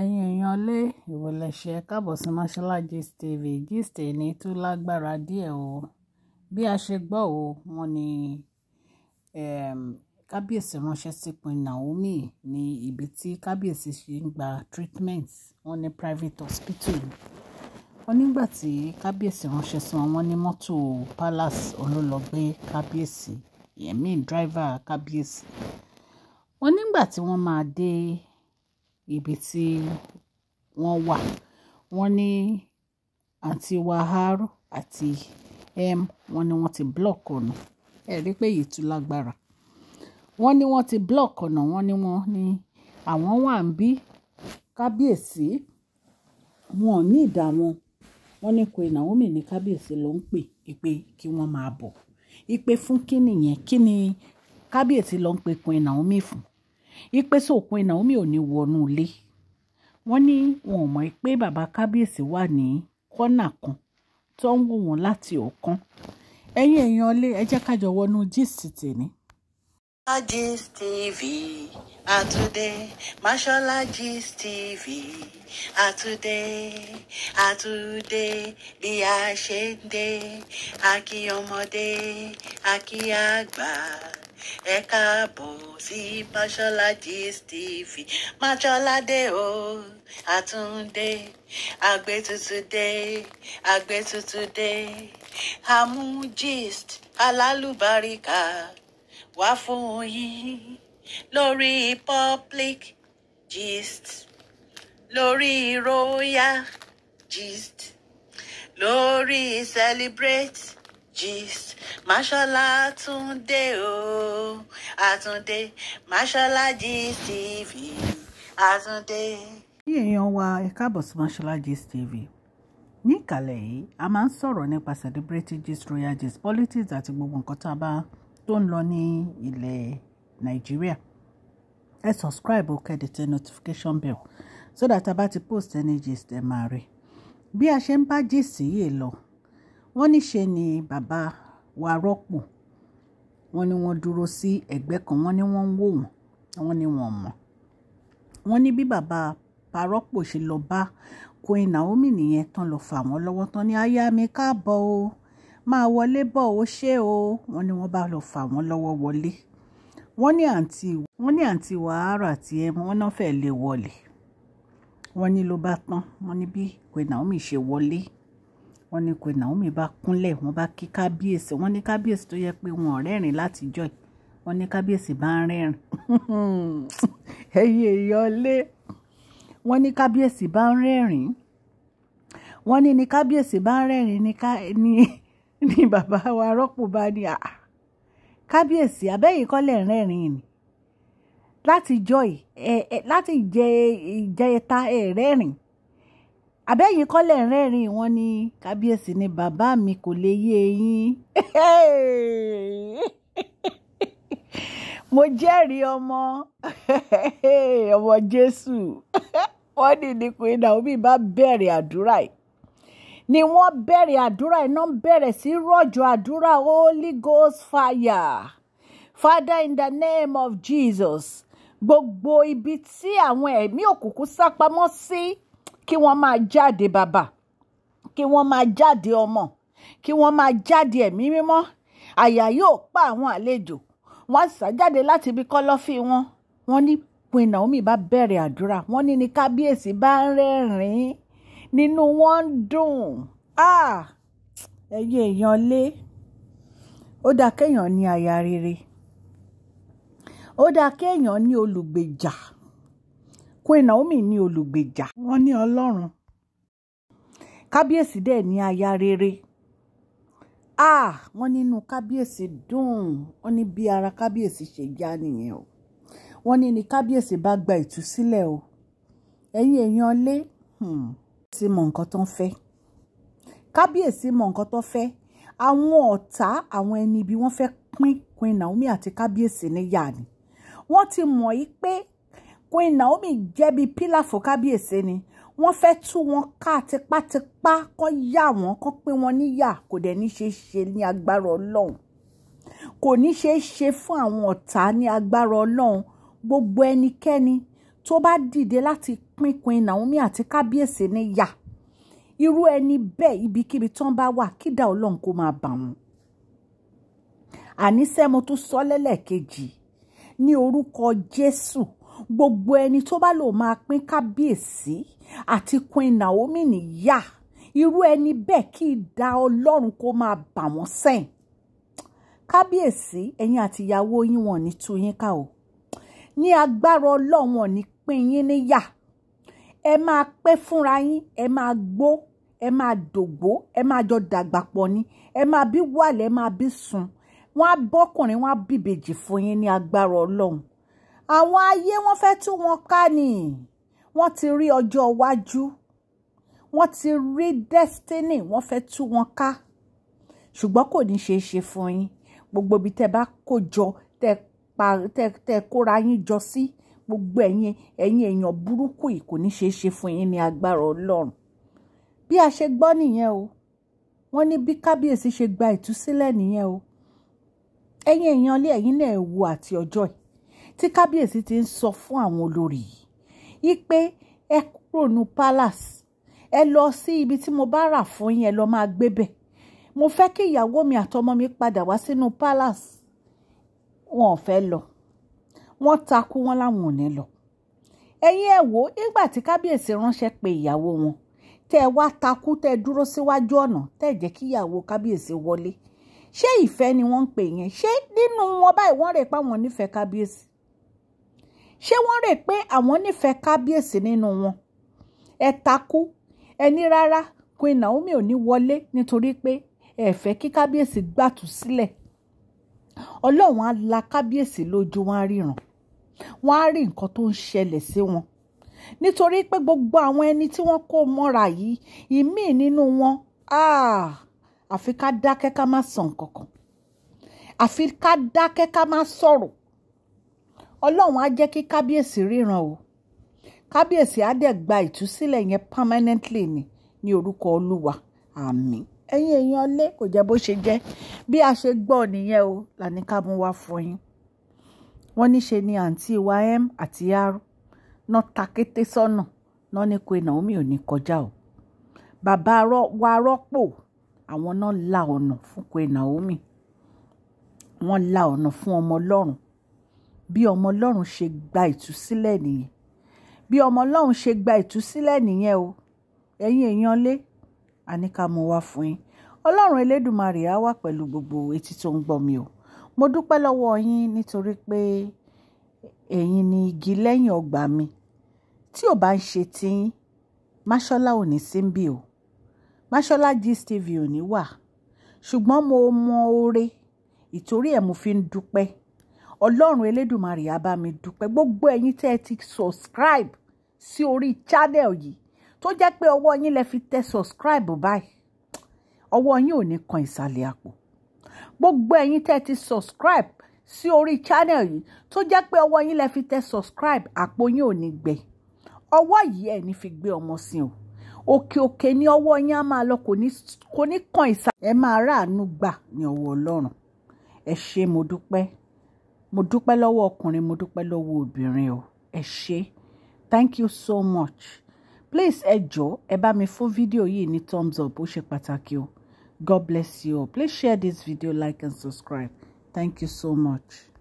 ẹ̀yin èèyàn lé ìwòlẹ̀ṣẹ̀ káàbọ̀ sí mashola gist tv gist ní tó lágbára díẹ̀ o bí a ṣe gbọ́ o wọ́n ní kábíyèsí ránṣẹ́ sí Queen Naomi ní ibi tí kábíyèsí ṣe ń gba treatment wọ́n ní private hospital wọ́n nígbà tí kábíyèsí ránṣẹ́ sí wọn wọ́n ní mọ́tò palace olólọ́gbé kábíyèsí yẹmí driver kábíyèsí wọ́n nígbà tí wọ́n máa dé ibi tí wọ́n wà wọ́n ní àti wahar àti m wọ́n ní wọ́n ti block ọ̀nà ẹ rí i pé èyí tún lágbára wọ́n ní wọ́n ti block ọ̀nà wọ́n ní wọ́n ní àwọn wà ń bí kábíyèsí wọn ò ní ìdá wọn wọ́n ní Queen Naomi ní kábíyèsí ló ń pè ìpè kí wọ́n máa bọ̀ ìpè fún kí nìyẹn kí ni kábíyèsí ló ń pè Queen Naomi fún ipe sòpin Naomi ò ní wọnú ilé wọ́n ní wọn ò mọ̀ pé bàbá kábíyèsí wà ní kọ́nà kan tó ń wò wọ́n láti ọ̀kan ẹ̀yin èèyàn ilé ẹ jẹ́ ká wọnú gist tèmi. Gist TV àtúndé Mashola Gist TV àtúndé àtúndé bí a ṣe ń dé a kí ọmọdé ẹ káàbọ̀ sí Mashola Gist TV Mashola dé o àtúndé àgbétútúdé today àmú gist alálùbáríkà wá fún yín lórí public gist lórí royal gist lórí celebrate gist Mashola Túndé o Àtúndé Mashola Gist TV Àtúndé. bí èèyàn wa ẹ káàbọ̀ sí Mashola Gist TV ní ìkàlẹ̀ yìí a máa ń sọ̀rọ̀ nípa celebrity gist royal gist politics àti gbogbo nǹkan tá a bá tó ń lọ ní ilẹ̀ Nàìjíríà ẹ subscribe ó kẹ́dẹ̀ tẹ notification bell so that a bá ti post any gist ẹ máa rí bí a ṣe ń bá gist yìí lọ wọ́n níṣe ni bàbá wa rọ́pò wọ́n ní wọ́n dúró sí ẹ̀gbẹ́ kan wọ́n ní wọ́n ń wò wọ́n wọ́n ní wọ́n mọ̀ wọ́n ní bí bàbá parọ́pò ṣe lọ bá Queen Naomi nìyẹn tán lọ fà wọ́n lọ́wọ́ tán ní aya mi káàbọ̀ o máa wọlé bọ̀ ó ṣé o wọ́n ní wọ́n bá lọ fà wọ́n lọ́wọ́ wọlé wọ́n ní àǹtí wọ́n ní àǹtí wàhálà tiẹ̀ wọ́n náà fẹ́ẹ́ lè wọlé wọ́n ní ló bá tán wọ́n ní bí Queen Naomi ṣe wọlé wọ́n ní Queen Naomi bá kúnlẹ̀ wọ́n bá kí kábíyèsí wọ́n ní kábíyèsí tó yẹ pé wọn ò rẹ́rìn látijọ́ yìí wọ́n ní kábíyèsí bá ń rẹ́rìn ẹ̀yin èèyàn lé wọ́n ní kábíyèsí bá ń rẹ́rìn wọ́n ní ní kábíyèsí bá ń rẹ́rìn ní ká ní ní bàbá wa rọ́pò bá ní à ah, kábíyèsí abẹ́yìí kọ́lẹ̀ rẹ́rìn ni látijọ́ yìí ẹ̀ ẹ̀ láti jẹ ìjẹta ẹ̀ rẹ́rìn àbẹ́yìn kọ́lẹ̀ rẹ́rìn wọn ni kábíyèsí ni bàbá mi kò lè yé eyín mo jẹ́rìí ọmọ ọmọ jésù wọ́n ní ní pé Naomi bá bẹ̀rẹ̀ àdúrà yìí ni wọ́n bẹ̀rẹ̀ àdúrà iná bẹ̀rẹ̀ sí rọ̀jò àdúrà Holy Ghost fire Father in the name of Jesus gbogbo ibi tí àwọn ẹ̀mí òkùnkùn sápamọ́ sí. Si kí wọ́n máa jáde bàbá kí wọ́n máa jáde ọmọ kí wọ́n máa jáde ẹ̀mí mímọ́ àyà yóò pa àwọn àlejò wọ́n sá jáde láti ibi kọ́lọ́fì wọn wọ́n ní Queen Naomi bá bẹ̀rẹ̀ àdúrà wọ́n ní ní kábíyèsí bá ń rẹ́rìn-ín nínú wọn ń dùn ah! ẹ̀yin èèyàn lé ó dáa kéèyàn ní aya rere ó dáa kéèyàn ní olùgbèjà. Queen Naomi ní olùgbèjà wọ́n ní Ọlọ́run kábíyèsí dẹ̀ ní aya rere ah wọ́n nínú kábíyèsí dùn wọ́n ní bí ara kábíyèsí ṣe yá nìyẹn o wọ́n ní ni kábíyèsí bá gba ìtúsílẹ̀ o ẹ̀yin èèyàn lé hmm, ti mọ nǹkan tó ń fẹ́ kábíyèsí mọ nǹkan tó fẹ́ àwọn ọ̀tá àwọn ẹni ibi wọ́n fẹ́ pín Queen Naomi àti kábíyèsí níyà ni wọ́n ti mọ̀ yí pé Queen Naomi jẹ́bi pílà fún kábíyèsí ni wọ́n fẹ́ tú wọn ká tipátipá kọ́ yà wọ́n kọ́ pé wọ́n níyà kò dẹ̀ ní ṣe ṣe ní agbára ọlọ́run kò ní ṣe ṣe fún àwọn ọ̀tá ní agbára ọlọ́run gbogbo ẹnikẹ́ni tó bá dìde láti pín Queen Naomi àti kábíyèsí ní yà irú ẹni bẹ́ẹ̀ ibikíbi tán bá wà kídà ọlọ́run kó máa bà wọ́n àníṣẹ́ mo tún sọ lẹ́lẹ́kejì ní orúkọ Jésù gbogbo ẹni tó bá lò máa pín kábíyèsí àti queen Naomi níyà irú ẹni bẹ́ẹ̀ kí ìdá ọlọ́run kó máa bà wọ́n sẹ́yìn kábíyèsí ẹ̀yin àtìyàwó yín wọ́n ní tú yín ká o ní agbára ọlọ́run wọ́n ní pín yín níyà ẹ máa pẹ́ fúnra yín ẹ máa gbó ẹ máa dògbó ẹ máa jọ dàgbà pọ̀ ni ẹ máa bí wàlẹ̀ ẹ máa bí sùn wọ́n á bọ́kùnrin wọ́n á bìbèjì fún yín ní agbára ọlọ́run àwọn ayé wọ́n fẹ́ tú wọn ká ni wọ́n ti rí ọjọ́ iwájú wọ́n ti rí destiny wọ́n fẹ́ tú wọn ká ṣùgbọ́n kò ní ṣeé ṣe fún yín gbogbo ibi tẹ́ bá kó jọ tẹ́ pa tẹ́ tẹ́ kóra yín jọ sí gbogbo ẹ̀yin ẹ̀yin èèyàn burúkú yìí kò ní ṣeé ṣe fún yín ní agbára Ọlọ́run bí a ṣe gbọ́ nìyẹn o wọ́n ní bí kábíyèsí ṣe gba ìtúsílẹ̀ nìyẹn o ẹ̀yin èèyàn ilé ẹ̀yin náà wò àti ọjọ́ yìí tí kábíyèsí ti ń sọ fún àwọn olórí yìí pé ẹ kúrò ní palace ẹ lọ sí ibi tí mo bá rà fún yín ẹ lọ máa gbé bẹ̀ mo fẹ́ kí ìyàwó mi àtọmọ mi padà wá sínú palace wọn ò fẹ́ lọ wọ́n takú wọn láwọn ò ní lọ ẹ̀yin ẹ̀ wò nígbà tí kábíyèsí ránṣẹ́ pé ìyàwó wọn tẹ́ wá takú tẹ́ dúró síwájú ọ̀nà tẹ́ ẹ kí ìyàwó kábíyèsí wọlé ṣé ìfẹ́ ni wọ́n ń pè yẹn ṣé nínú wọn báyìí wọ́n rè pa wọn nífẹ̀ẹ́ kábíyèsí ṣé wọ́n rè pé àwọn nífẹ̀ẹ́ kábíyèsí nínú wọn ẹ takú ẹ ní rárá Queen Naomi ò ní wọlé nítorí pé ẹ fẹ́ kí kábíyèsí gbàtú sílẹ̀ ọlọ́run á la kábíyèsí lójú wọn á ríran wọn á rí nǹkan tó ń ṣẹlẹ̀ sí wọn nítorí pé gbogbo àwọn ẹni tí wọ́n kó mọ́ra yìí ìmíì nínú wọn ah, àfi ká dákẹ́ ká má sàn kankan àfi ká dákẹ́ ká má sọ̀rọ̀ ọlọ́run á jẹ́ kí kábíyèsí ríran o kábíyèsí á dẹ̀ gba ìtúsílẹ̀ yẹn permanently ni ní orúkọ olúwa àmín ẹ̀yin èèyàn lé kò jẹ́ bó ṣe jẹ́ bí a ṣe gbọ́ nìyẹn o làní ká mú wá fún yín wọ́n ní ṣe ni àǹtí wa m àti r ná ta kété sọ́nà ná ní pé Naomi ò ní kọjá o bàbá wa rọ́pò àwọn náà la ọ̀nà fún pé Naomi wọ́n la ọ̀nà fún ọmọ ọlọ́run bí ọmọ ọlọ́run ṣe gba ìtúsílẹ̀ nìyẹn bí ọmọ ọlọ́run ṣe gba ìtúsílẹ̀ nìyẹn o ẹ̀yin èèyàn lé àní ká mú wá fún yín ọlọ́run elédùnmarè á wà pẹ̀lú gbogbo etí tó ń gbọ́ mi o mo dúpẹ́ lọ́wọ́ yín nítorí pé ẹ̀yin ni igi lẹ́yìn ọgbà mi tí ò bá ń ṣe tín máṣọ́lá ò ní sí bí o máṣọ́lá gist ò ní wà ṣùgbọ́n mo mọ oore ìtorí ẹ̀ mo fi ń dúpẹ́ ọlọ́run elédùnmarè á bá mi dúpẹ́ gbogbo ẹ̀yin tẹ́ ẹ ti subscribe sí orí channel yìí tó jẹ́ pé ọwọ́ yín lẹ fi tẹ subscribe báyìí ọwọ́ yín ò ní kan ìsàlẹ̀ àpò gbogbo ẹ̀yin tẹ́ ẹ ti subscribe sí orí channel yìí tó jẹ́ pé ọwọ́ yín lẹ fi tẹ subscribe àpò yín ò ní gbẹ ọwọ́ yìí ẹ̀ ní fi gbé ọmọ sí o òkè òkè ní ọwọ́ yín á máa lọ kò ní kan ìsàlẹ̀ ẹ máa ráàánú gbà ní ọwọ́ ọlọ́run ẹ ṣé mo dúpẹ́ mo dúpẹ́ lọ́wọ́ ọkùnrin mo dúpẹ́ lọ́wọ́ obìnrin o ẹ ṣé thank you so much please ẹ jọ̀ọ́ ẹ bá mi fún fídíò yìí ní thumbs up ó ṣe pàtàkì o God bless you all please share this video like and subscribe thank you so much.